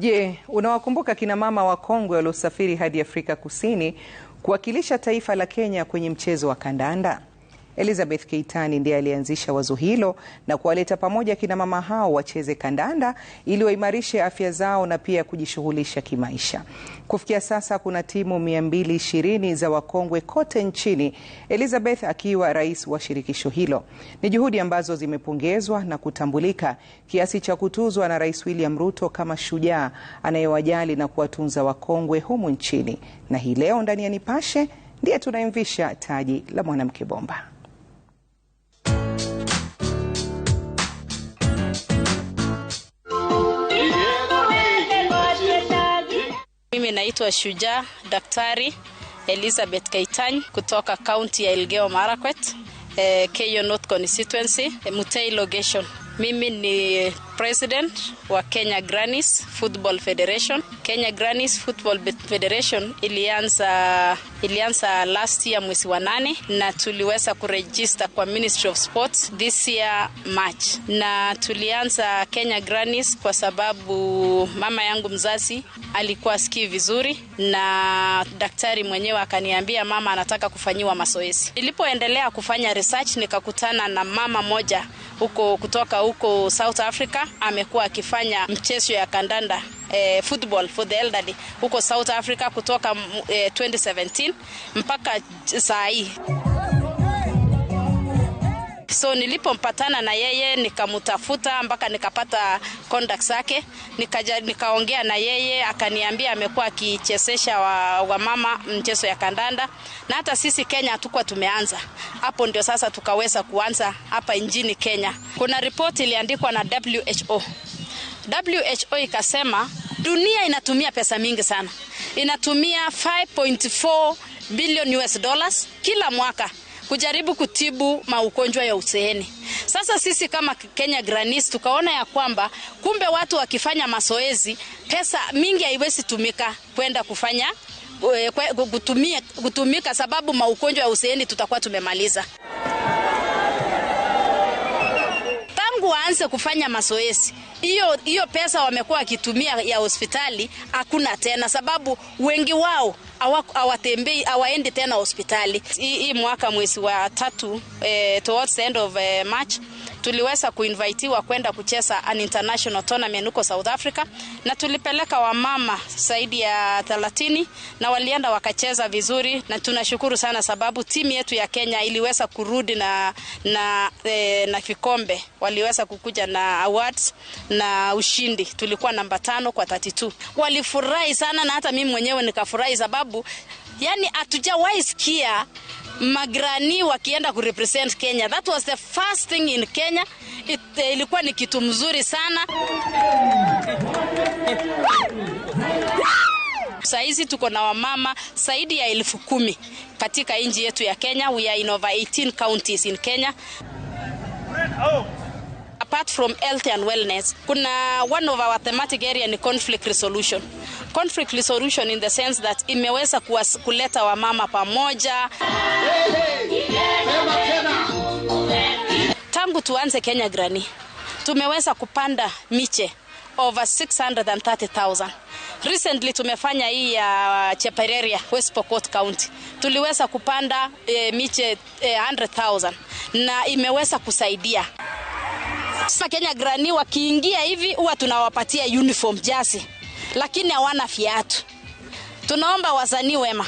Je, unawakumbuka kina mama wakongwe waliosafiri hadi Afrika Kusini kuwakilisha taifa la Kenya kwenye mchezo wa kandanda? Elizabeth Keitani ndiye alianzisha wazo hilo na kuwaleta pamoja kina mama hao wacheze kandanda ili waimarishe afya zao na pia kujishughulisha kimaisha. Kufikia sasa kuna timu 220 za wakongwe kote nchini, Elizabeth akiwa rais wa shirikisho hilo. Ni juhudi ambazo zimepongezwa na kutambulika kiasi cha kutuzwa na Rais William Ruto kama shujaa anayewajali na kuwatunza wakongwe humu nchini. Na hii leo ndani ya Nipashe ndiye tunayemvisha taji la mwanamke bomba. naitwa Shujaa Daktari Elizabeth kaitany kutoka kaunti ya ilgeo Marakwet, eh, Keyo North Constituency, Mutei Location. Mimi ni president wa Kenya Grannies Football Federation. Kenya Grannies Football Federation ilianza ilianza last year mwezi wa nane na tuliweza kuregister kwa Ministry of Sports this year March, na tulianza Kenya Grannies kwa sababu mama yangu mzazi alikuwa sikii vizuri, na daktari mwenyewe akaniambia mama anataka kufanyiwa mazoezi. Nilipoendelea kufanya research nikakutana na mama moja huko kutoka huko South Africa amekuwa akifanya mchezo ya kandanda eh, football for the elderly huko South Africa kutoka eh, 2017 mpaka saa hii. So nilipompatana na yeye nikamtafuta mpaka nikapata contact zake, nikaja nikaongea na yeye, akaniambia amekuwa akichezesha wa, wa mama mchezo ya kandanda, na hata sisi Kenya hatukuwa tumeanza hapo, ndio sasa tukaweza kuanza hapa nchini Kenya. Kuna ripoti iliandikwa na WHO WHO ikasema dunia inatumia pesa mingi sana, inatumia 5.4 billion US dollars kila mwaka kujaribu kutibu maugonjwa ya useheni Sasa sisi kama Kenya Granis tukaona ya kwamba kumbe watu wakifanya mazoezi, pesa mingi haiwezi tumika kwenda kufanya eh, kutumia, kutumika sababu maugonjwa ya useheni tutakuwa tumemaliza. waanze kufanya mazoezi. Hiyo hiyo pesa wamekuwa wakitumia ya hospitali hakuna tena, sababu wengi wao hawatembei hawaendi tena hospitali. Hii mwaka mwezi wa tatu, eh, towards the end of eh, March tuliweza kuinvitiwa kwenda kucheza an international tournament huko South Africa, na tulipeleka wamama zaidi ya 30 na walienda wakacheza vizuri, na tunashukuru sana sababu timu yetu ya Kenya iliweza kurudi na na, e, na kikombe, waliweza kukuja na awards na ushindi. Tulikuwa namba tano kwa 32. Walifurahi sana na hata mimi mwenyewe nikafurahi sababu yani hatujawahi sikia magrani wakienda kurepresent Kenya. That was the first thing in Kenya. It, uh, ilikuwa ni kitu mzuri sana. Saizi tuko na wamama zaidi ya elfu kumi katika nchi yetu ya Kenya. We are in over 18 counties in Kenya apart from health and wellness, kuna one of our thematic area ni conflict resolution. Conflict resolution in the sense that imeweza kuwas, kuleta wamama pamoja. Tangu tuanze Kenya Grani tumeweza kupanda miche over 630,000. Recently tumefanya hii ya Chepereria, West Pokot County. Tuliweza kupanda eh, miche eh, 100,000 na imeweza kusaidia sasa Kenya Grani wakiingia hivi huwa tunawapatia uniform jasi, lakini hawana viatu. Tunaomba wasanii wema,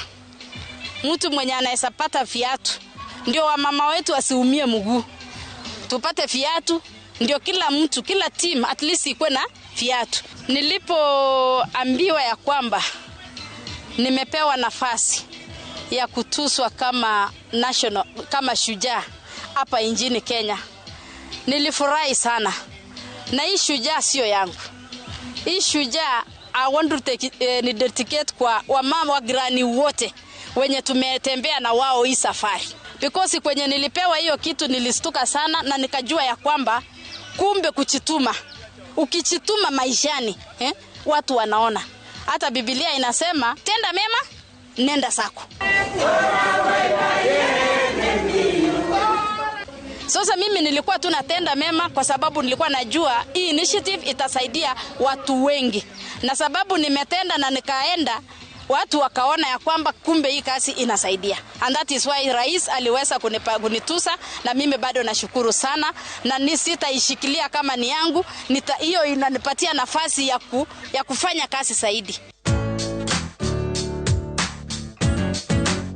mtu mwenye anaweza pata viatu ndio wamama wetu asiumie mguu, tupate viatu ndio kila mtu, kila team at least ikuwe na viatu. Nilipoambiwa ya kwamba nimepewa nafasi ya kutuswa kama national, kama shujaa hapa nchini Kenya Nilifurahi sana na hii shujaa sio yangu. Hii shujaa I want to take, eh, ni dedicate kwa wamama wa girani wote wenye tumetembea na wao hii safari, because kwenye nilipewa hiyo kitu nilistuka sana na nikajua ya kwamba kumbe kuchituma, ukichituma maishani eh, watu wanaona. Hata Biblia inasema tenda mema nenda sako nilikuwa tu natenda mema kwa sababu nilikuwa najua hii initiative itasaidia watu wengi, na sababu nimetenda na nikaenda watu wakaona ya kwamba kumbe hii kazi inasaidia, and that is why rais aliweza kunipa, kunitusa na mimi bado nashukuru sana, na ni sitaishikilia kama ni yangu, hiyo inanipatia nafasi ya, ku, ya kufanya kazi zaidi.